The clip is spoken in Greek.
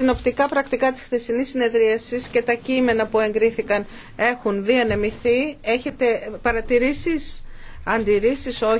Συνοπτικά πρακτικά της χθεσινής συνεδρίασης και τα κείμενα που εγκρίθηκαν έχουν διανεμηθεί. Έχετε παρατηρήσεις, αντιρρήσεις, όχι.